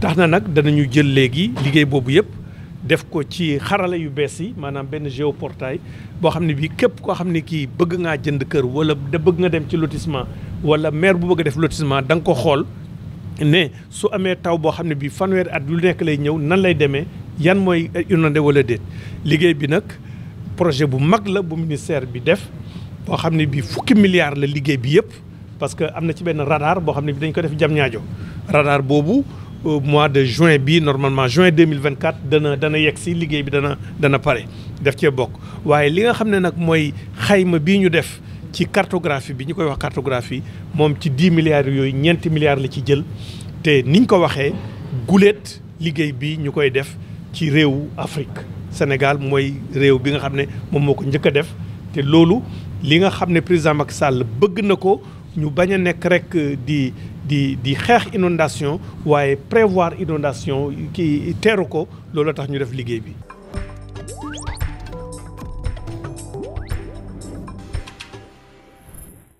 tax na nag danañu jël léegi liggéey boobu yëpp def ko ci xarala yu bees yi maanaam benn géoportail boo xam ne bii képp koo xam ne kii bëgg ngaa jënd kër wala da bëgg nga dem ci lotissement wala maire bu bëgg a def lotissement da nga ko xool ne su amee taw boo xam ne bii fanweeri at lu nekk lay ñëw nan lay demee yan mooy inondé wala déet liggéey bi nag projet bu mag la bu ministère bi def boo xam ne bii fukki milliards la liggéey bi yëpp parce que am na ci benn radar boo xam ne bi dañ ko def jam ñaajo radar boobu euh, mois de juin bi normalement juin 2024 dana dana yegg si liggéey bi dana dana pare def cee bokk waaye li nga xam ne nag mooy xayma bii ñu def ci cartographie bi ñu koy wax cartographie moom ci 10 milliards yooyu ñeenti milliards la ci jël te niñ ko waxee guléet liggéey bi ñu koy def ci réewu Afrique Sénégal mooy réew bi nga xam ne moom moo ko njëkk a def te loolu li nga xam ne président Macky Sall bëgg na ko ñu bañ a nekk rek di di di xeex inondation waaye prévoir inondation ki teeru ko loolu tax ñu def liggéey bi